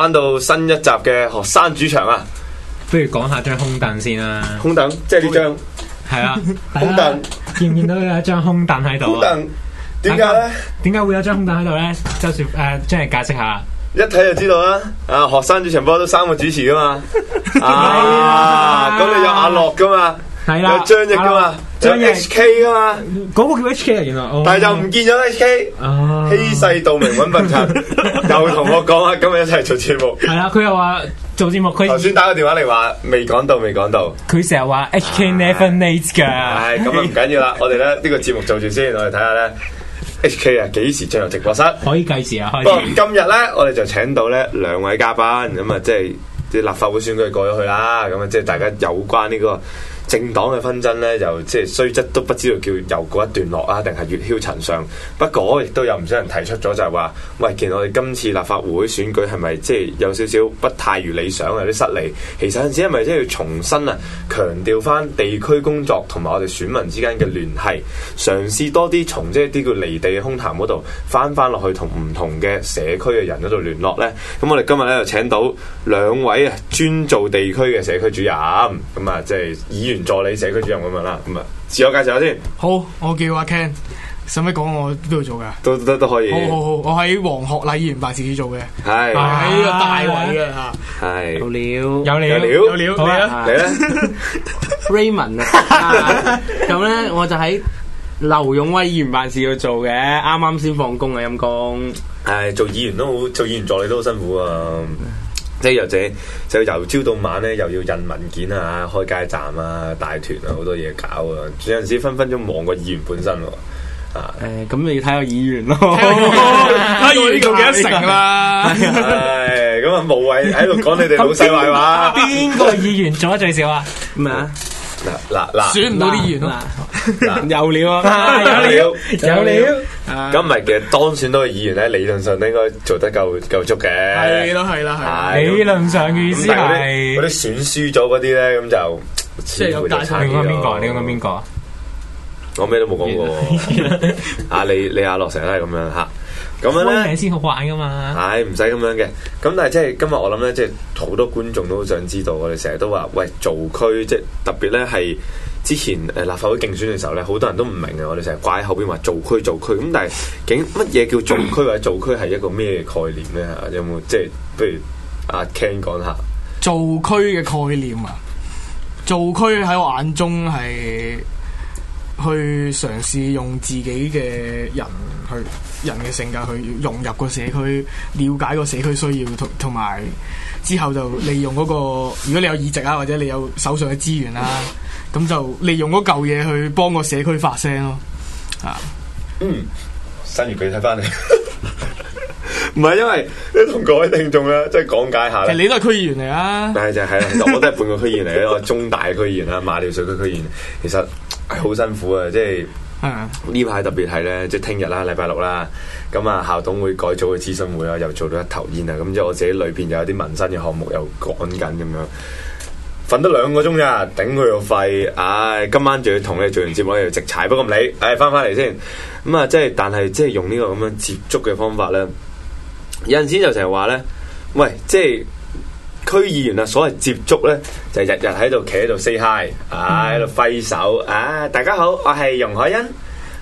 翻到新一集嘅學生主場說說啊，不如講下張空凳先啦。空凳即係呢張，係 啊，空凳見唔見到有一張空凳喺度啊？點解咧？點解會有張空凳喺度咧？周少誒、呃，將嚟解釋下。一睇就知道啦。啊，學生主場播都三個主持噶嘛。 啊，咁你有阿樂噶嘛？係啦，有張翼噶嘛？張 H K 噶嘛？嗰個叫 H K 啊，原來，但係就唔見咗 H K，啊，欺世盜名，搵笨賊又同我講啊，今日一齊做節目係啦。佢又話做節目，佢頭先打個電話嚟話未講到，未講到。佢成日話 H K、啊、Never Late 噶，係咁啊，唔緊要啦。我哋咧呢個節目做住先，我哋睇下咧 H K 啊，幾時進入直播室？可以計時啊。可以。不過今日咧，我哋就請到咧兩位嘉賓咁啊，即係啲立法會選舉過咗去啦，咁、嗯、啊、即、嗯、係大家有關呢、這個。政黨嘅紛爭呢，就即係雖則都不知道叫由嗰一段落啊，定係月囂塵上。不過亦都有唔少人提出咗，就係話：喂，其實我哋今次立法會選舉係咪即係有少少不太如理想，有啲失利？其實有陣時，係咪即係要重新啊，強調翻地區工作同埋我哋選民之間嘅聯繫，嘗試多啲從即係啲叫離地嘅空談嗰度翻翻落去，同唔同嘅社區嘅人嗰度聯絡呢。呢咁我哋今日咧就請到兩位啊，專做地區嘅社區主任，咁啊，即係議員。助理、社區主任咁樣啦，咁啊，自我介紹下先。好，我叫阿 Ken，使唔使講我邊度做噶？都都都可以。好好好，我喺黃學禮議員辦事處做嘅。係喺呢個大位嘅嚇。係。有料有料有料，嚟啦你啦、啊 uh。Raymond 啊、uh，咁咧我就喺劉勇威議員辦事處做嘅，啱啱先放工啊陰公。係、哎、做議員都好，做議員助理都好辛苦啊。即係又者就由朝到晚咧，又要印文件啊、開街站啊、大團啊，好多嘢搞啊，有陣時分分鐘忙過議員本身喎、啊。誒、啊，咁你、欸、要睇下議員咯，睇議員呢個幾多成啦。唉 哎，咁啊，無謂喺度講你哋老細壞話。邊個 議員做得最少啊？咩 啊？嗱嗱嗱，選唔到啲議員啦，有料，有料，有料。今日其實當選到嘅議員咧，理論上都應該做得夠夠足嘅。係咯，係啦，係理論上嘅意思係。嗰啲選輸咗嗰啲咧，咁就即係有大贏家。點講邊個？你點講邊個？我咩都冇講過。啊，你你阿樂成日都係咁樣吓。咁樣咧先好玩噶嘛？係唔使咁樣嘅。咁但係即係今日我諗咧，即係好多觀眾都好想知道我哋成日都話，喂，做區即係特別咧，係之前誒立法會競選嘅時候咧，好多人都唔明嘅。我哋成日掛喺後邊話做區、做區。咁但係究竟乜嘢叫做區或者做區係一個咩概念咧？有冇即係？不如阿 Ken 講下做區嘅概念啊？做區喺我眼中係。去嘗試用自己嘅人去人嘅性格去融入個社區，了解個社區需要同同埋之後就利用嗰、那個，如果你有議席啊，或者你有手上嘅資源啦、啊，咁、嗯、就利用嗰嚿嘢去幫個社區發聲咯。啊，嗯，新月畀睇翻嚟，唔係 因為你同各位聽眾啊，即係講解下。其實你都係區議員嚟啊，但係就係啦，我都係半個區議員嚟一 我中大嘅區議員啦，馬料水區區議員，其實。好辛苦啊！即係呢排特別係呢，嗯、即係聽日啦，禮拜六啦，咁啊校董會改組嘅諮詢會啊，又做到一頭煙啊！咁即係我自己裏邊又有啲民生嘅項目又趕緊咁樣，瞓得兩個鐘咋，頂佢個肺！唉、哎，今晚仲要同你做完節目又直踩，不過唔理，唉翻翻嚟先。咁啊，即係但係即係用呢個咁樣接觸嘅方法呢。有陣時就成日話呢：「喂，喂，即係。區議員啊，所謂接觸咧，就日日喺度企喺度 say hi，唉，喺度揮手，啊大家好，我係容海恩，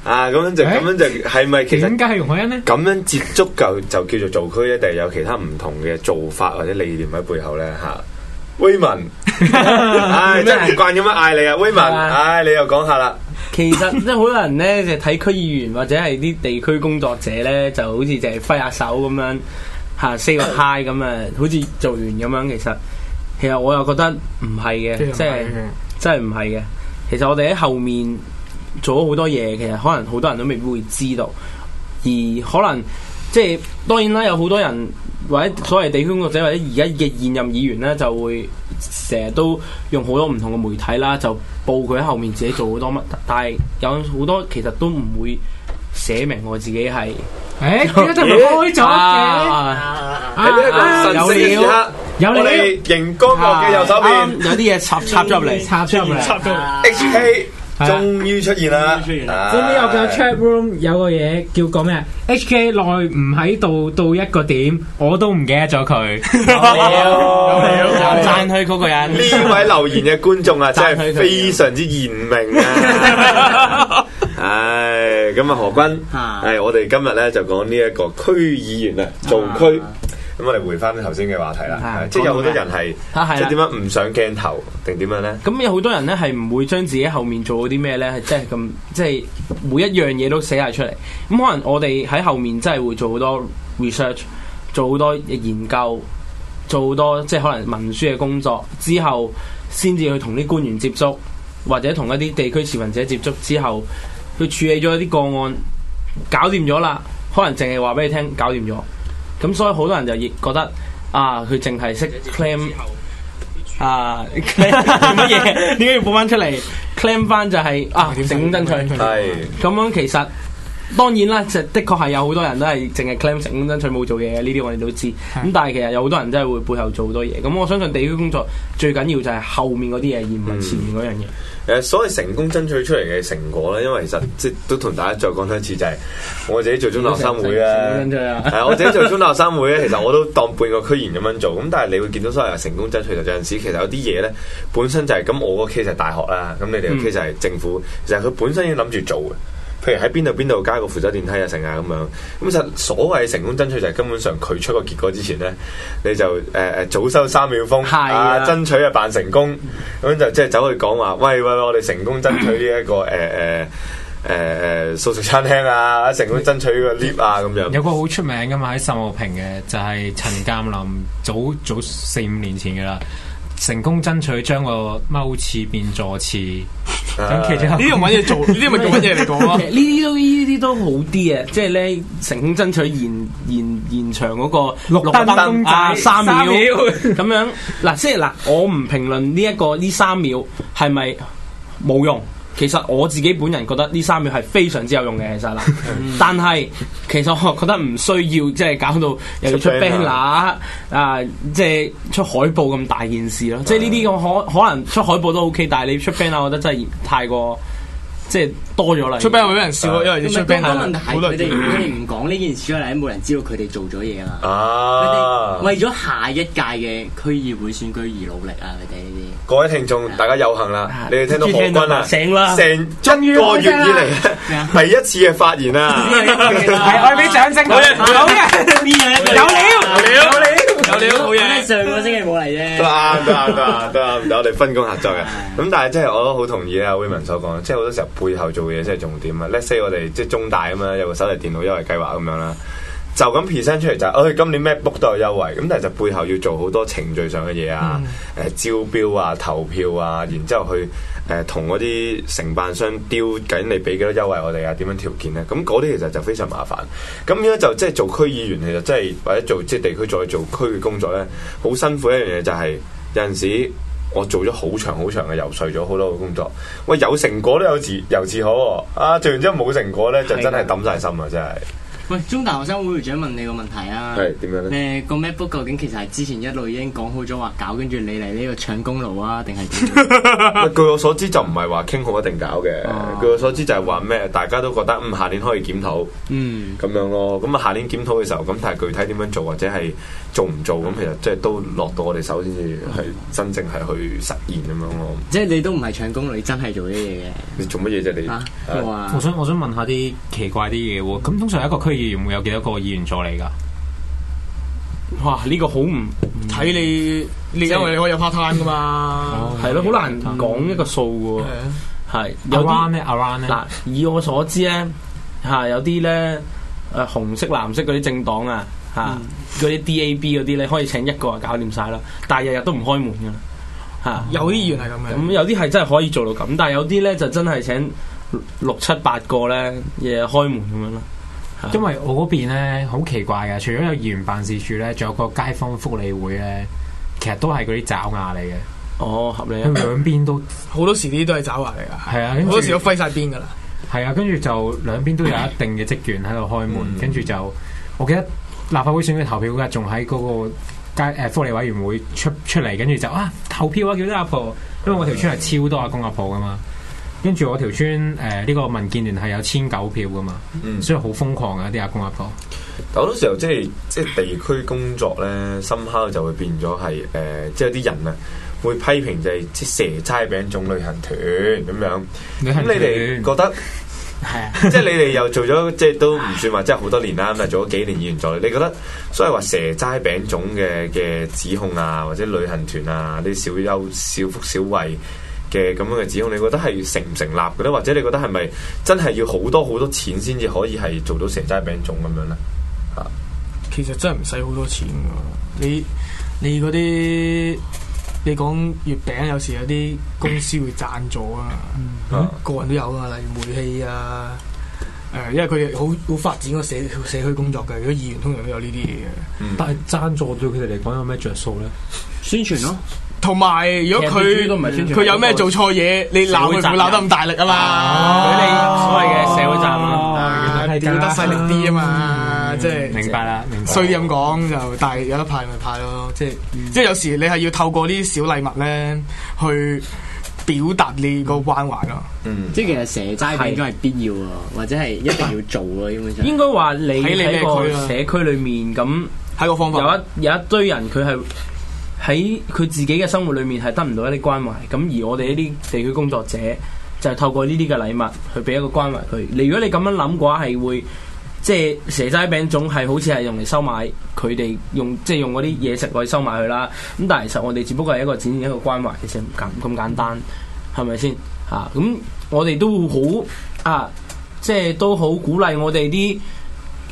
啊咁樣就咁、欸、樣就係咪其實點解係容海恩咧？咁樣接觸就就叫做做區咧，定係有其他唔同嘅做法或者理念喺背後咧？吓、啊、威文，唉真係唔慣咁樣嗌你啊，威文，唉、 哎、你又講下啦。其實即係好多人咧，就睇區議員或者係啲地區工作者咧，就好似就係揮下手咁樣。吓，say 個 hi 咁啊，好似做完咁樣。其實，其實我又覺得唔係嘅，即係真係唔係嘅。其實我哋喺後面做咗好多嘢，其實可能好多人都未必會知道。而可能，即係當然啦，有好多人或者所謂地區或者或者而家嘅現任議員呢，就會成日都用好多唔同嘅媒體啦，就報佢喺後面自己做好多乜。但係有好多其實都唔會。寫明我自己係，開咗嘅，神聖時刻，有你熒光幕嘅右手邊，有啲嘢插插咗入嚟，插咗入嚟，HK 終於出現啦！呢個嘅 chat room 有個嘢叫講咩啊？HK 耐唔喺度到一個點，我都唔記得咗佢。屌，又讚佢嗰個人，呢位留言嘅觀眾啊，真係非常之賢明啊！咁啊，何君、哎，係我哋今日咧就講呢一個區議員區啊，做區，咁我哋回翻頭先嘅話題啦，啊、即係有好多人係，即係點樣唔上鏡頭定點樣咧？咁、啊、有好多人咧係唔會將自己後面做咗啲咩咧，係真係咁，即、就、係、是、每一樣嘢都寫晒出嚟。咁、嗯、可能我哋喺後面真係會做好多 research，做好多研究，做好多即係可能文書嘅工作之後,之後，先至去同啲官員接觸，或者同一啲地區持份者接觸之後。佢處理咗一啲個案，搞掂咗啦，可能淨係話俾你聽，搞掂咗。咁所以好多人就亦覺得啊，佢淨係識 claim，啊乜嘢？點解要補翻出嚟 claim 翻就係啊成功爭取？係咁樣其實當然啦，就的確係有好多人都係淨係 claim 成功爭取冇做嘢嘅，呢啲我哋都知。咁但係其實有好多人真係會背後做好多嘢。咁我相信地區工作最緊要就係後面嗰啲嘢，而唔係前面嗰樣嘢。誒，所謂成功爭取出嚟嘅成果咧，因為其實即係都同大家再講多一次，就係、是、我自己做中學生會啦，係 我自己做中學生會咧， 其實我都當半個區議員咁樣做，咁但係你會見到，所謂成功爭取就有陣時，其實有啲嘢咧，本身就係、是、咁，我個 case 就係大學啦，咁你哋個 case 就係政府， 其實佢本身已經諗住做嘅。譬如喺邊度邊度加個扶手電梯啊，成啊咁樣。咁實所謂成功爭取就係根本上佢出個結果之前咧，你就誒誒、呃、早收三秒風的啊，爭取啊扮成功咁就即係走去講話喂喂，我哋成功爭取呢、這、一個誒誒誒素食餐廳啊，成功爭取呢個 lift 啊咁樣。有個好出名噶嘛喺秀茂坪嘅，就係陳鑒林早早四五年前噶啦，成功爭取將個踎廁變坐廁。騎住呢啲揾嘢做，呢啲咪做乜嘢嚟講咯？呢啲都呢啲都好啲啊！即係咧，成功爭取延延延長嗰個綠燈燈三秒，咁秒樣嗱，即係嗱，我唔評論呢一個呢三秒係咪冇用。其實我自己本人覺得呢三秒係非常之有用嘅，其實啦。但係其實我覺得唔需要，即係搞到又要出 banner 啊、啊，即係出海報咁大件事咯。啊、即係呢啲咁，可可能出海報都 OK，但係你出 banner，我覺得真係太過。即係多咗啦，出兵會俾人笑，因為啲出兵係。問題係你哋，如果唔講呢件事，可能冇人知道佢哋做咗嘢啦。啊！佢哋為咗下一屆嘅區議會選舉而努力啊！佢哋呢啲。各位聽眾，大家有幸啦，你哋聽到何君啊？成啦，成終於個月以嚟第一次嘅發言啊！係愛俾掌聲，有人，有人，有料，有料。我哋都冇嘢，上個星期冇嚟啫。得啊，得啊，得啊，得啊，我哋分工合作嘅。咁 但係即係我都好同意阿 William 所講，即係好多時候背後做嘢即係重點啊。Let’s say 我哋即係中大啊嘛，有個手提電腦優惠計劃咁樣啦。就咁 present 出嚟就，哎，今年咩 book 都有優惠，咁但係就背後要做好多程序上嘅嘢啊，誒、嗯，招標啊、投票啊，然之後去誒同嗰啲承辦商屌緊你俾幾多優惠我哋啊，點樣條件咧？咁嗰啲其實就非常麻煩。咁樣就即係、就是、做區議員，其實即係或者做即係、就是、地區再做區嘅工作咧，好辛苦一樣嘢就係有陣時我做咗好長好長嘅游説，咗好多個工作，喂，有成果都有，有自由自好、哦，啊，做完之後冇成果咧，就真係抌晒心啊，是的 真係。喂，中大學生會會長問你個問題啊？係點樣咧？誒，個 MacBook 究竟其實係之前一路已經講好咗話搞，跟住你嚟呢個搶功勞啊？ 定係點？哦、據我所知就唔係話傾好一定搞嘅。據我所知就係話咩？大家都覺得嗯，下年可以檢討，嗯，咁樣咯、啊。咁、嗯、啊，下年檢討嘅時候，咁但係具體點樣做或者係做唔做？咁其實即係都落到我哋手先至係真正係去實現咁、嗯、樣咯、啊。即係你都唔係搶功，你真係做啲嘢嘅。你做乜嘢啫？你啊，我啊我，我想我想問下啲奇怪啲嘢喎。咁通常有一個區。議員會有幾多個議員助理噶？哇！呢個好唔睇你，因為你可以有 part time 噶嘛。係咯，好難講一個數噶喎。係有啲咩？嗱，以我所知咧，吓有啲咧，誒，紅色、藍色嗰啲政黨啊，吓嗰啲 DAB 嗰啲咧，可以請一個啊，搞掂晒啦。但係日日都唔開門噶，吓有啲議員係咁樣。咁有啲係真係可以做到咁，但係有啲咧就真係請六七、八個咧，日日開門咁樣咯。因為我嗰邊咧好奇怪嘅，除咗有議員辦事處咧，仲有個街坊福利會咧，其實都係嗰啲爪牙嚟嘅。哦，合理啊！兩邊都好多時啲都係爪牙嚟噶。係啊，好 多時都揮晒邊噶啦。係啊，啊，跟住就兩邊都有一定嘅職員喺度開門，嗯、跟住就我記得立法會選舉投票日仲喺嗰個街誒、呃、福利委員會出出嚟，跟住就啊投票啊，叫啲阿婆，因為我條村係超多阿公阿婆噶嘛。跟住我條村，誒、呃、呢、這個民建聯係有千九票噶嘛，嗯、所以好瘋狂啊啲阿公阿婆。好多時候即係即係地區工作咧，深刻就會變咗係誒，即係有啲人啊會批評就係即蛇齋餅糉旅行團咁樣。咁你哋覺得係啊？即係你哋又做咗，即係都唔算話即係好多年啦，咁啊做咗幾年議員助理。你覺得所謂話蛇齋餅糉嘅嘅指控啊，或者旅行團啊，啲小優小福小惠。嘅咁樣嘅指控，你覺得係成唔成立嘅咧？或者你覺得係咪真係要好多好多錢先至可以係做到蛇齋餅糉咁樣咧？嚇，其實真係唔使好多錢㗎。你你嗰啲你講月餅，有時有啲公司會贊助啊，嗯嗯、個人都有啊，例如煤氣啊，誒、呃，因為佢哋好好發展個社社區工作嘅，如果議員通常都有呢啲嘢嘅。嗯、但係贊助對佢哋嚟講有咩着數咧？宣傳咯。同埋，如果佢佢有咩做錯嘢，你鬧佢，會鬧得咁大力啊嘛？佢哋所謂嘅社會站，要得犀利啲啊嘛，即係。明白啦，明白。咁講就，但係有得派咪派咯，即係，即係有時你係要透過啲小禮物咧，去表達你個關懷咯。即係其實蛇齋應該係必要啊，或者係一定要做咯，基本上。應該話你喺你社區裏面咁，喺個方法有一有一堆人佢係。喺佢自己嘅生活裏面係得唔到一啲關懷，咁而我哋呢啲地區工作者就係、是、透過呢啲嘅禮物去俾一個關懷佢。你如果你咁樣諗嘅話，係會即係、就是、蛇齋餅糉係好似係用嚟收買佢哋用，即、就、係、是、用嗰啲嘢食去收買佢啦。咁但係其實我哋只不過係一個展現一個關懷嘅啫，咁、就、咁、是、簡單係咪先？嚇，咁我哋都好啊，即係都好、啊就是、鼓勵我哋啲。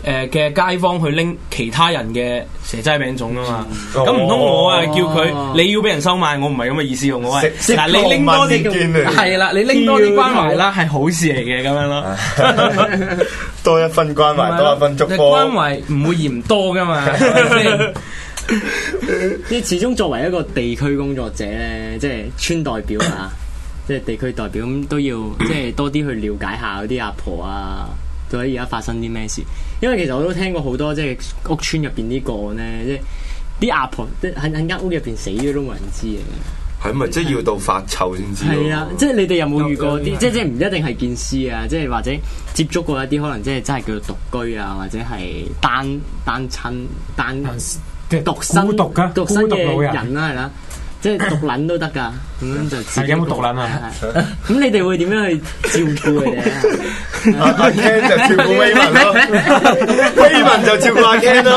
誒嘅街坊去拎其他人嘅蛇齋餅糉噶嘛？咁唔通我啊，叫佢你要俾人收買？我唔係咁嘅意思，我係嗱你拎多啲，係啦，你拎多啲關懷啦，係好事嚟嘅咁樣咯，多一分關懷，多一分祝福，關懷唔會嫌多噶嘛。即始終作為一個地區工作者咧，即係村代表啊，即係地區代表都要即係多啲去了解下嗰啲阿婆啊。到底而家發生啲咩事？因為其實我都聽過好多即係、即係、屋村入邊啲個案咧、即係即係，即係啲阿婆喺喺間屋入邊死咗都冇人知嘅，係咪即係要到發臭先知？係啊！即係你哋有冇遇過啲？即係即係唔一定係見屍啊！即係或者接觸過一啲可能即係真係叫做獨居啊，或者係單單親單的獨生身獨嘅人啦，係啦。即係獨撚都得㗎，咁就自己有冇獨撚啊？咁你哋會點樣去照顧佢哋啊 k 就照顧威 e i m a 咯 w 就照顧阿 k 咯，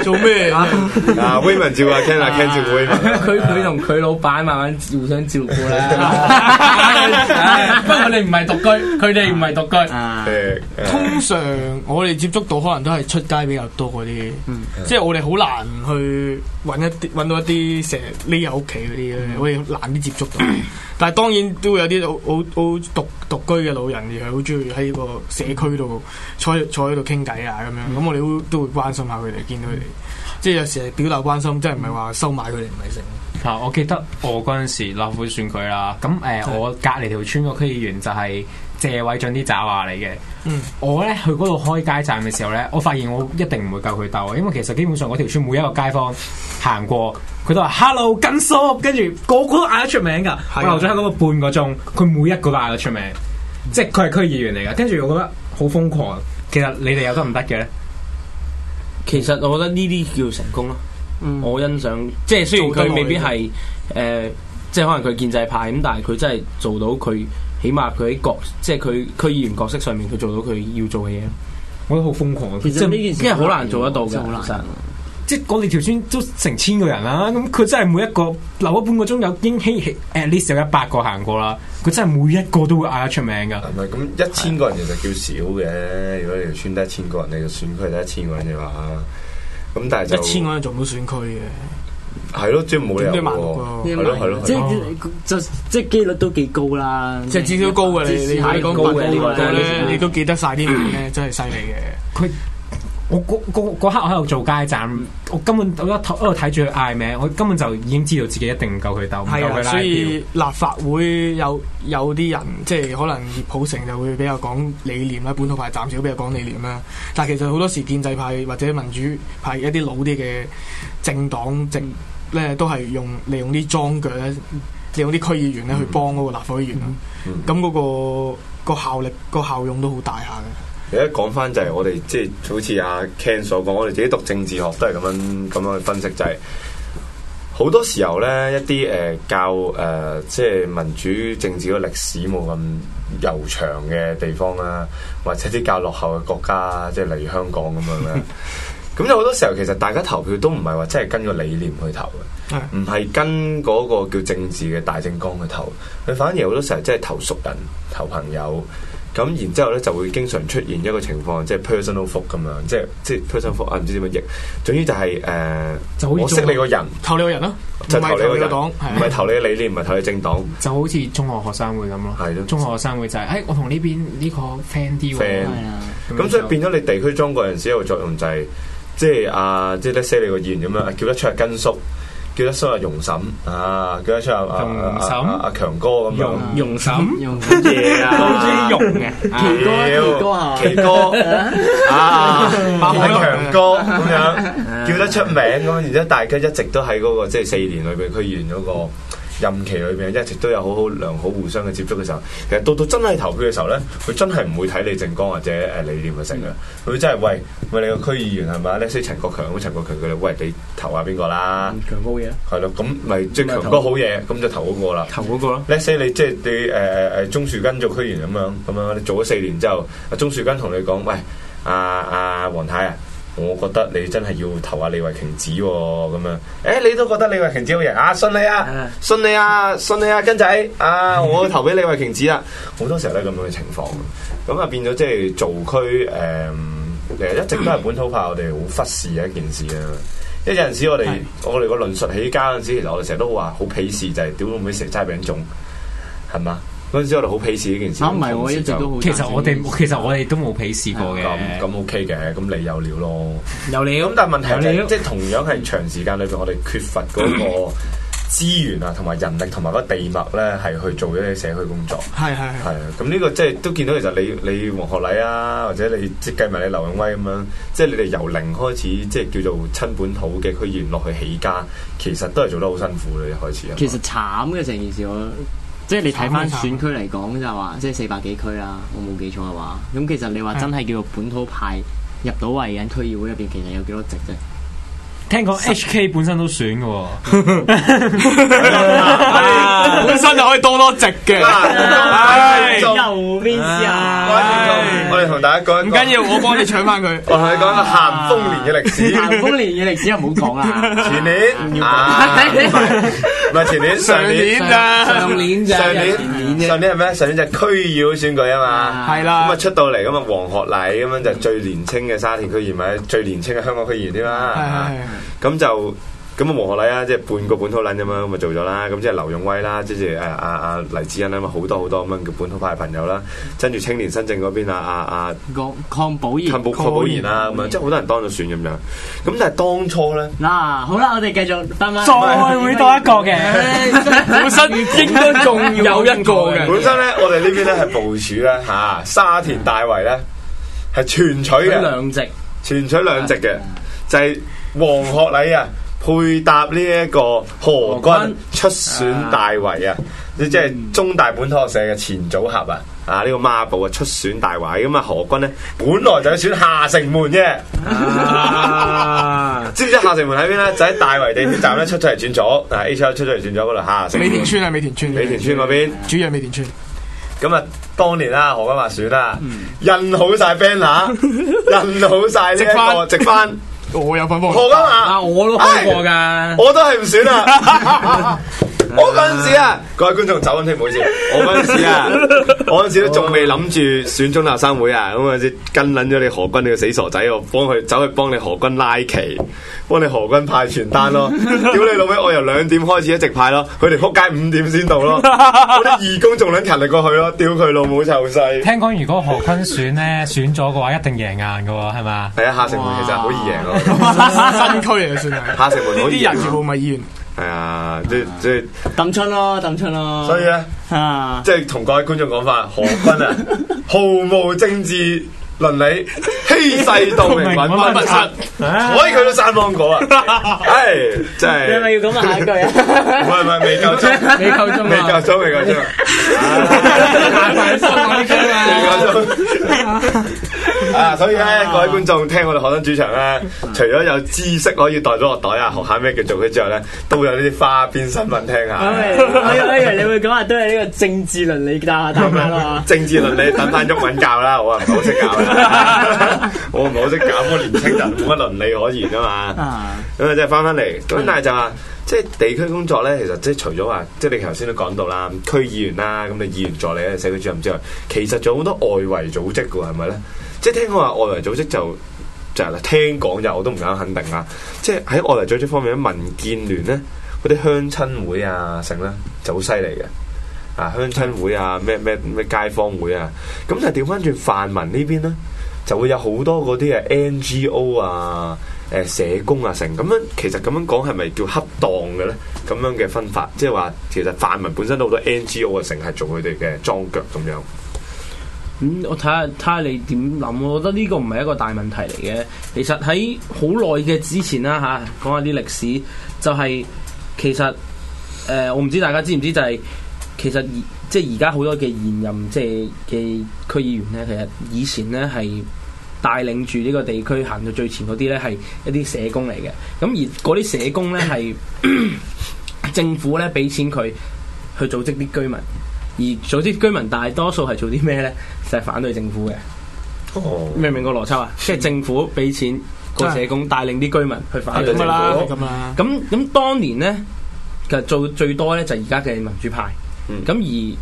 做咩啊？嗱 w 照顧阿 k e 阿照顧 w 佢佢同佢老闆慢慢互相照顧啦。不過你唔係獨居，佢哋唔係獨居。通常我哋接觸到可能都係出街比較多嗰啲，即係我哋好難去揾一啲揾到一啲成匿喺屋企。嗰啲好似難啲接觸到，但係當然都會有啲好好好獨獨居嘅老人，又係好中意喺個社區度坐坐喺度傾偈啊，咁樣咁我哋都都會關心下佢哋，見到佢哋，即係有時係表達關心，即係唔係話收買佢哋唔係成。啊！我記得我嗰陣時立會選佢啦，咁誒，呃、的我隔離條村個區議員就係、是。謝偉俊啲渣話嚟嘅，嗯、我咧去嗰度開街站嘅時候咧，我發現我一定唔會夠佢鬥，因為其實基本上嗰條村每一個街坊行過，佢都話 hello，跟上，跟住個個嗌得出名㗎。的我留咗喺嗰個半個鐘，佢每一個都嗌得出名，即係佢係區議員嚟嘅。跟住我覺得好瘋狂。其實你哋有得唔得嘅？其實我覺得呢啲叫成功咯。嗯、我欣賞，即係雖然佢未必係誒、呃，即係可能佢建制派咁，但係佢真係做到佢。起碼佢喺角，即係佢佢區議員角色上面，佢做到佢要做嘅嘢，我覺得好瘋狂，其實呢件事真係好難做得到嘅，好難好難即係我哋條村都成千個人啦，啊，咁佢真係每一個留咗半個鐘，有英希，at least 有一百個行過啦，佢真係每一個都會嗌得出名噶。咁一千個人其實叫少嘅，的如果你條村得一千個人就，你個選區得一千個人你話，咁但係一千個人做唔到選區嘅。係咯，即係冇理由喎，係咯，即係就即係幾率都幾高啦，即係至少高嘅你，你買港股呢個咧，你都記得晒啲嘢，真係犀利嘅。我嗰刻喺度做街站，我根本我一喺度睇住佢嗌名，我根本就已經知道自己一定唔夠佢鬥，唔夠佢拉票。係啊，所以立法會有有啲人即係可能葉普成就會比較講理念啦，本土派暫時都比較講理念啦。但係其實好多時建制派或者民主派一啲老啲嘅政黨政咧，都係用利用啲樁腳咧，利用啲區議員咧去幫嗰個立法會議員啊。咁嗰、嗯嗯嗯嗰個、嗰個效力、嗰個效用都好大下嘅。而家講翻就係我哋即係好似阿 Ken 所講，我哋自己讀政治學都係咁樣咁樣去分析，就係好多時候咧，一啲誒、呃、較誒即係民主政治嘅歷史冇咁悠長嘅地方啦，或者啲較落後嘅國家，即、就、係、是、例如香港咁樣啦。咁有好多時候，其實大家投票都唔係話真係跟個理念去投嘅，唔係跟嗰個叫政治嘅大政綱去投，佢反而好多時候真係投熟人、投朋友。咁然之後咧就會經常出現一個情況，即係 personal 福咁樣，即係即係 personal 福啊！唔知點樣譯，總之就係、是、誒，呃、就好我識你個人，投你個人咯、啊，就係投你個黨，唔係投你，的投你理念，唔係投你政黨，就好似中學學生會咁咯，係咯的，中學學生會就係、是、誒、哎，我同呢邊呢、這個 friend 啲 friend，咁所以變咗你地區中嗰陣時一個作用就係、是，即係啊，即係得識你個議員咁樣，嗯、叫得出阿根叔。叫得出阿容嬸啊，叫得出阿阿強哥咁樣，容、嗯、容嬸，容嘢啊，強、啊、哥啊，強哥啊，八品強哥咁、啊啊啊、樣，叫得出名咁，啊啊、而且大家一直都喺嗰、嗰個即係四年裏邊，區議員嗰個。任期裏面一直都有好好良好互相嘅接觸嘅時候，其實到到真係投票嘅時候咧，佢真係唔會睇你政綱或者誒理念嘅成嘅，佢真係喂，喂你個區議員係咪？Let’s say 陳國強陳國強佢哋喂你投下邊個啦？強哥嘢，係咯，咁咪即係強哥好嘢，咁就投嗰個啦。投嗰個咯。Let’s say 你即係你誒誒誒，鍾樹根做區議員咁樣咁樣，你做咗四年之後，阿鍾樹根同你講，喂，阿、啊、阿、啊、黃太啊。我覺得你真係要投下李慧瓊子喎、哦，咁樣，誒、欸，你都覺得李慧瓊子好人啊？信你啊，信你啊，信你啊，根仔，啊，我投俾李慧瓊子啦。好多時候咧咁樣嘅情況，咁啊變咗即係做區誒，其、嗯、一直都係本土派，我哋好忽視嘅一件事啊。一有陣時我哋，我哋個論述起家嗰陣時，其實我哋成日都話好鄙視，就係屌唔理食齋餅糉，係嘛？嗰陣時我哋好鄙視呢件事。唔係、啊，我一直都好。其實我哋其實我哋都冇鄙視過嘅。咁咁 OK 嘅，咁你有料咯？有料咁，但係問題係你料即係同樣係長時間裏邊，我哋缺乏嗰個資源啊，同埋 人力，同埋嗰地脈咧，係去做一啲社區工作。係係係。咁呢的個即係都見到，其實你你黃學禮啊，或者你即係計埋你劉永威咁樣，即係你哋由零開始，即係叫做親本土嘅區員落去起家，其實都係做得好辛苦嘅一開始啊。其實慘嘅成件事我。即係你睇翻選區嚟講就話，即係四百幾區啊！我冇記錯嘅話，咁其實你話真係叫做本土派入到維園區議會入邊，其實有幾多席啫？聽講 HK 本身都選嘅喎，本身就可以多多席嘅。哎， 右邊先啊！我哋同大家講，唔緊要，我幫你搶翻佢。我同你講個咸豐年嘅歷史，咸 豐年嘅歷史又唔好講啦， 全年唔要講。gonna 不 唔係前年 上年咋、啊、上年上年，年上年係咩？上年就係區議選舉啊嘛，係啦、啊。咁啊出到嚟咁啊黃學禮咁樣，啊、就最年青嘅沙田區議員，啊、最年青嘅香港區議員啲啦。咁、啊、就。咁啊，黃學禮啊，即係半個本土捻咁樣，咪做咗啦。咁即係劉勇威啦，跟住誒阿阿黎智恩啦，咁好多好多咁樣嘅本土派朋友啦。跟住青年新政嗰邊啊啊啊，鄺鄺葆賢，鄺葆賢啦咁樣，即係好多人當咗選咁樣。咁但係當初咧，嗱好啦，我哋繼續分分，再會多一個嘅，本身應該仲有一個嘅。本身咧，我哋呢邊咧係部署咧嚇，沙田大圍咧係全取嘅兩席，全取兩席嘅就係黃學禮啊。配搭呢一個何君出選大圍啊，你即係中大本土學社嘅前組合啊。啊呢個孖步啊出選大圍咁啊，何君咧本來就要選下城門啫。知唔知下城門喺邊咧？就喺大圍地鐵站咧出出嚟轉左，但 H 一出出嚟轉左嗰度下城美田村啊，美田村，美田村嗰邊主要係美田村。咁啊，當年啦，何君話選啦，印好晒 banner，印好晒呢一個直幡。我有份封，我噶嘛，我都分過㗎，我都係唔選啊。 我嗰陣時啊，各位觀眾走緊添，唔好意思。我嗰陣時啊， 我嗰陣時都仲未諗住選中學生會啊，咁啊先跟捻咗你何君你個死傻仔，我幫佢走去幫你何君拉旗，幫你何君派傳單咯。 屌你老味，我由兩點開始一直派咯，佢哋撲街五點先到咯。嗰啲 義工仲捻勤力過去咯，屌佢老母臭細。聽講如果何君選咧選咗嘅話，一定贏硬㗎係嘛？第一、 哎，下城門其實好易贏咯，新區嚟算係。 下城門啲 人全部咪醫院。 係啊，即即抌春咯，抌春咯。所以，所以呢，啊、哎呀，即係同各位觀眾講返，何君啊， 毫無政治倫理，欺世盜名揾不實，所以佢都讚賞果啊！係，真係你係咪要咁啊？下一句啊？唔係唔係未夠鐘，未夠鐘，未夠鐘，未夠鐘，啊！所以咧，各位觀眾聽我哋學生主場咧，除咗有知識可以袋咗個袋啊，學下咩叫做佢之外咧，都有呢啲花邊新聞聽下。我以為你會講話都係呢個政治倫理嘅啊？等等啦，政治倫理等翻中文教啦，我啊唔係好識教。 我唔係好識搞，我年青人冇乜倫理可言啊嘛。咁啊， 即係翻翻嚟。咁但係就話，即係地區工作咧，其實即係除咗話，即係你頭先都講到啦，區議員啦，咁你議員助理啊，社會主任之外，其實仲好多外圍組織噶，係咪咧？即係聽講話外圍組織就就聽，聽講就我都唔敢肯定啊。即係喺外圍組織方面咧，民建聯咧，嗰啲鄉親會啊，成啦，就好犀利嘅。啊，鄉親會啊，咩咩咩街坊會啊，咁就調翻轉泛民邊呢邊咧，就會有好多嗰啲嘅 NGO 啊，誒、啊、社工啊成咁樣。其實咁樣講係咪叫恰當嘅咧？咁樣嘅分法，即係話其實泛民本身都好多 NGO 嘅成係做佢哋嘅樁腳咁樣。嗯，我睇下睇下你點諗？我覺得呢個唔係一個大問題嚟嘅。其實喺好耐嘅之前啦吓、啊，講下啲歷史就係、是、其實誒、呃，我唔知大家知唔知就係、是。其實而即係而家好多嘅現任即係嘅區議員咧，其實以前咧係帶領住呢個地區行到最前嗰啲咧，係一啲社工嚟嘅。咁而嗰啲社工咧，係 政府咧俾錢佢去組織啲居民，而組織居民大多數係做啲咩咧？就係、是、反對政府嘅。Oh. 明唔明個邏輯啊？即係是政府俾錢個社工帶領啲居民去反對政府。咁咁， 當年咧其實做最多咧就係而家嘅民主派。咁、嗯、而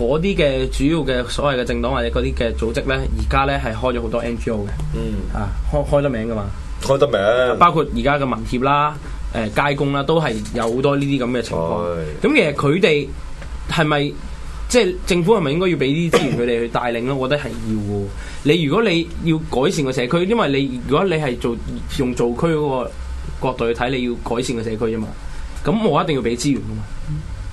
嗰啲嘅主要嘅所謂嘅政黨或者嗰啲嘅組織呢，而家呢係開咗好多 NGO 嘅，嗯、啊開開得名噶嘛？開得名，得名包括而家嘅民協啦、誒、呃、街工啦，都係有好多呢啲咁嘅情況。咁、哎、其實佢哋係咪即係政府係咪應該要俾啲資源佢哋去帶領呢？我覺得係要。你如果你要改善個社區，因為你如果你係做用做區嗰個角度去睇，你要改善個社區吖嘛。咁我一定要俾資源噶嘛。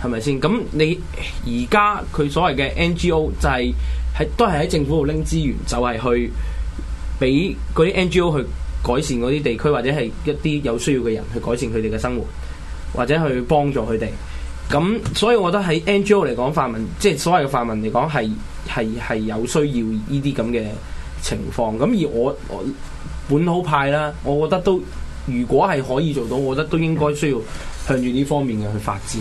係咪先？咁你而家佢所謂嘅 NGO 就係喺都係喺政府度拎資源，就係去俾嗰啲 NGO 去改善嗰啲地區，或者係一啲有需要嘅人去改善佢哋嘅生活，或者去幫助佢哋。咁所以，我覺得喺 NGO 嚟講，泛民即係所謂嘅泛民嚟講，係係係有需要呢啲咁嘅情況。咁而我我本土派啦，我覺得都如果係可以做到，我覺得都應該需要向住呢方面嘅去發展。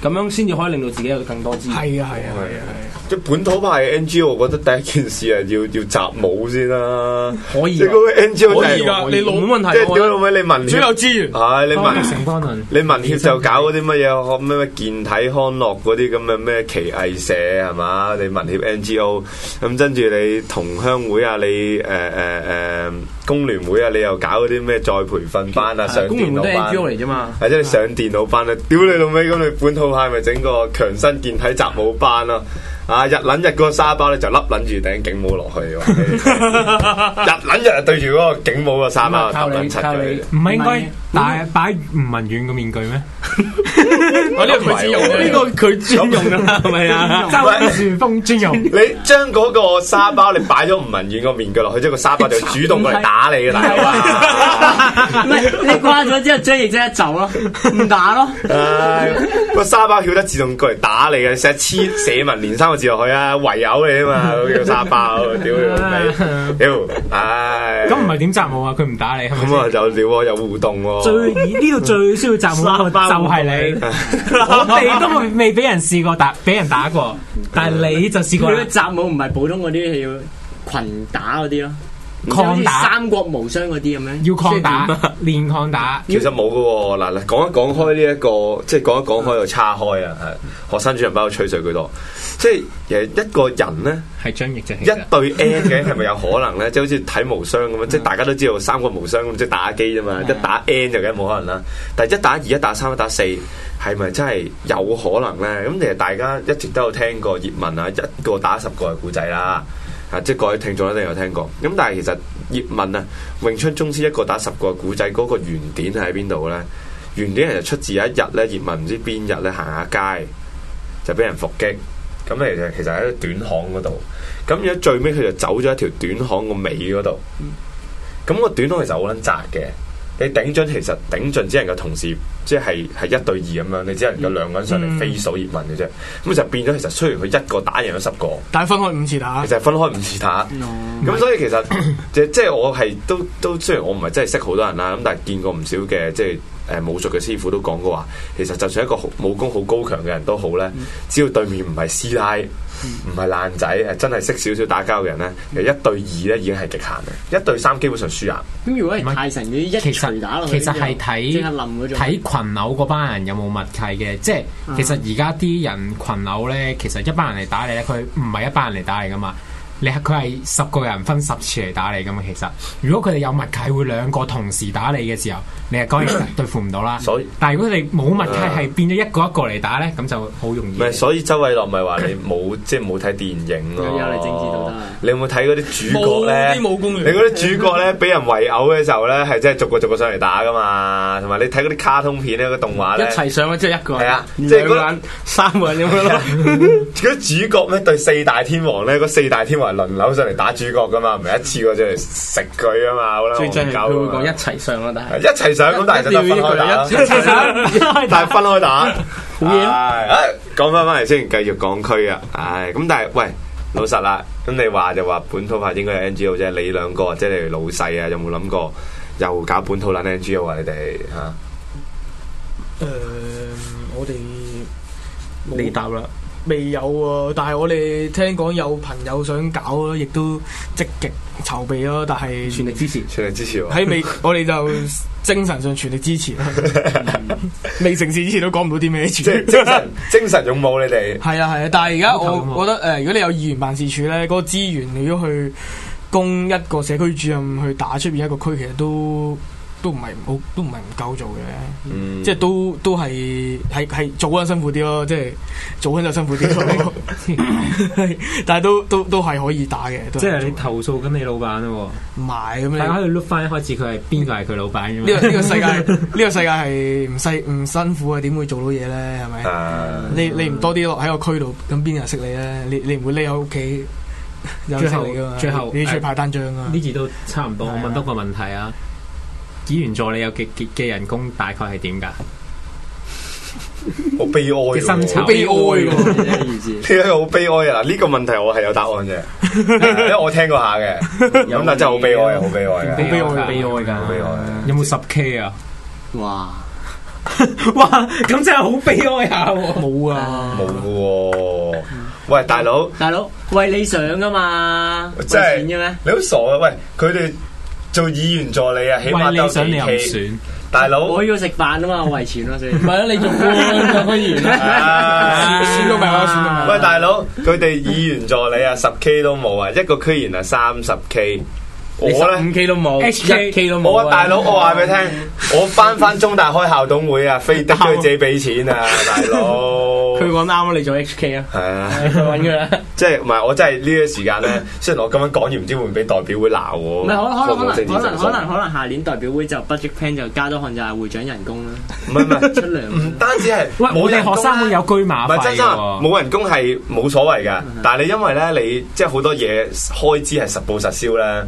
咁樣先至可以令到自己有更多資源。係啊，係啊，係啊，係、啊。即係、啊、本土派嘅 NGO，我覺得第一件事係要要集武先啦、啊就是。可以啊，NGO 㗎，你冇問題。即係點啊？你文你文協有資源。係，你文成你文協就搞嗰啲乜嘢？咩咩健體康樂嗰啲咁嘅咩奇藝社係嘛？你文協 NGO，咁跟住你同鄉會啊，你誒誒誒。啊啊啊啊工聯會啊，你又搞嗰啲咩再培訓班啊， 上電腦班，係即係上電腦班，班啊！屌你老尾，咁你本土派咪整個強身健體雜舞班咯？啊，日撚日嗰個沙包咧就笠撚住頂警帽落去，哈哈哈哈啊、日撚日對住嗰個警帽嘅沙包，頭撚出嚟，唔係應該擺擺吳文遠個面具咩？我呢個佢專用，呢個佢專用係咪啊？周旋風專用，你將嗰個沙包你擺咗吳文遠個面具落去，之後個沙包就主動過嚟打你噶啦。唔係 你掛咗之後，張翼即刻走咯，唔打咯。哎那個沙包曉得自動過嚟打你嘅，成日黐死文連三個字落去啊，唯有你啊嘛。叫沙包屌你、啊、屌，唉、哎。咁唔係點責我啊？佢唔打你，咁啊、嗯、就屌喎，又互動喎、啊。最呢度最需要習武嘅就係你， 我哋都未未俾人試過打，俾人打過，但係你就試過。你嘅習武唔係普通嗰啲要群打嗰啲咯，抗打三國無雙嗰啲咁樣，要抗打練抗打。 其實冇噶喎，嗱，講一講開呢、這、一個，即係講一講開又叉開啊，係學生主場包吹水居多。即係一個人呢，係張翼，一對 N 嘅係咪有可能呢？即係 好似睇無雙咁樣， 即係大家都知道三個無雙咁，即、就、係、是、打機啫嘛。 一打 N 就梗係冇可能啦。但係一打二、一打三、一打四係咪真係有可能呢？咁其實大家一直都有聽過葉問啊，一個打十個嘅故仔啦、啊啊，即係各位聽眾一定有聽過。咁、啊、但係其實葉問啊，《詠春宗師》一個打十個嘅故仔嗰、嗰個原點係邊度呢？原點係出自一日呢？葉問唔知邊日呢？行下街就俾人伏擊。咁嚟就其實喺個短巷嗰度，咁而喺最尾佢就走咗一條短巷個尾嗰度。咁個短巷其實好撚窄嘅，你頂盡其實頂盡只能夠同時，即係係一對二咁樣，你只能夠兩個人上嚟飛數葉問嘅啫。咁、嗯、就變咗其實雖然佢一個打贏咗十個，但係分開五次打，其實係分開五次打。咁 No, 所以其實即即係我係都都雖然我唔係真係識好多人啦，咁但係見過唔少嘅即係。就是誒武術嘅師傅都講過話，其實就算一個武功好高強嘅人都好咧，只要對面唔係師奶，唔係爛仔，誒真係識少少打交嘅人咧，其實一對二咧已經係極限嘅，一對三基本上輸硬啊。咁如果太神嘅一拳打落去，即刻冧佢做。睇群毆嗰班人有冇默契嘅，即係其實而家啲人群毆咧，其實一班人嚟打你咧，佢唔係一班人嚟打你㗎嘛。你係佢係十個人分十次嚟打你咁嘛？其實，如果佢哋有默契，會兩個同時打你嘅時候，你係當然對付唔到啦。所以，但係如果佢哋冇默契，係變咗一個一個嚟打咧，咁就好容易。所以周偉樂咪話你冇即係冇睇電影咯。你，知道你有嚟政治都得。你有冇睇嗰啲主角咧？武功你嗰啲主角咧，俾 人圍毆嘅時候咧，係真係逐個逐個上嚟打噶嘛？同埋你睇嗰啲卡通片咧，個動畫咧一齊上即係一個，係啊，即係嗰兩三個人咁樣咯。嗰啲 主角咧對四大天王咧，嗰四大天王。係輪流上嚟打主角噶嘛，唔係一次過就嚟食佢啊嘛，好啦，最憎佢會講一齊上咯，但係一齊上咁，但係其實都分一齊上，但係分開打。唉，講翻翻嚟先，繼續講區啊。唉，咁但係，喂，老實啦，咁你話就話本土化應該係 N G O 啫。你兩個或者你哋老細啊，有冇諗過又搞本土嘅 N G O 啊？你哋吓？誒，我哋你答啦。未有啊！但係我哋聽講有朋友想搞啦，亦都積極籌備啦。但係全力支持，全力支持喺未？ 我哋就精神上全力支持啦。 未成事之前都講唔到啲咩，即係精神 精神勇武你哋。係啊係啊，但係而家我我覺得誒，求求如果你有議員辦事處咧，嗰、嗰個資源你如果去供一個社區主任去打出邊一個區，其實都。都唔係好，都唔係唔夠做嘅，嗯、即係都都係係係早嗰陣辛苦啲咯，即係早嗰陣就辛苦啲、就是、 但係都都都係可以打嘅。即係你投訴緊你老闆咯、哦，唔係咁樣，喺度可以 look 翻一開始佢係邊個係佢老闆呢個呢個世界呢 個世界係唔細唔辛苦啊？點會做到嘢咧？係咪、嗯？你你唔多啲落喺個區度，咁邊個人識你咧？你你唔會匿喺屋企？最後最後你出去派單張啊？呢、啊、次都差唔多，我問多個問題啊。議員助理，你有極極嘅人工大概係點噶？好悲哀悲哀，好悲哀啊！呢個問題我係有答案嘅，因為我聽過下嘅，咁但真係好悲哀啊，好悲哀悲哀，悲哀噶，有冇十 K 啊？哇哇，咁真係好悲哀啊！冇啊！冇噶，喂，大佬，大佬，喂，你想啊嘛？即係，你好傻啊！喂，佢哋。做議員助理啊，起碼都有幾 K。你你大佬哥，我要食飯啊嘛，為錢咯、啊、先。唔係 啊，你做官咁做 完啦，選都唔係，我選都唔係。喂，大佬，佢哋議員助理啊，十 K 都冇啊，一個區議啊，三十 K。我咧五 K 都冇，一 K 都冇啊！大佬，我話俾你聽，我翻翻中大開校董會啊，非得自己俾錢啊，大佬！佢搵啱你做 HK 啊？係啊，搵佢啦。即係唔係？我真係呢個時間咧，雖然我今日講完，唔知會唔會俾代表會鬧我。唔係，可能可能可能可能可能下年代表會就 budget plan 就加多項就係會長人工啦。唔係唔係出糧，唔單止係。喂，我哋學生會有居馬費喎。冇人工係冇所謂㗎，但係你因為咧，你即係好多嘢開支係實報實銷咧。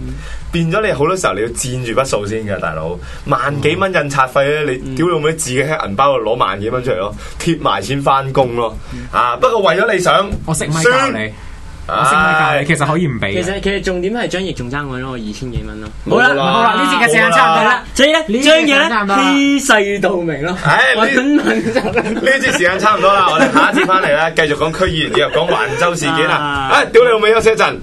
變咗你好多時候你要佔住筆數先嘅，大佬萬幾蚊印刷費咧，你屌你老味自己喺銀包度攞萬幾蚊出嚟咯，貼埋先翻工咯，啊！不過為咗理想，我識咪教你，我識咪教你，其實可以唔俾。其實其實重點係張翼仲爭我咗我二千幾蚊咯，好啦好啦，呢節嘅時間差唔多啦，所以呢，張翼咧欺世盜名咯。哎，我呢節時間差唔多啦，我哋下一節翻嚟咧繼續講區議員又講環州事件啦，啊，屌你老味休息一陣。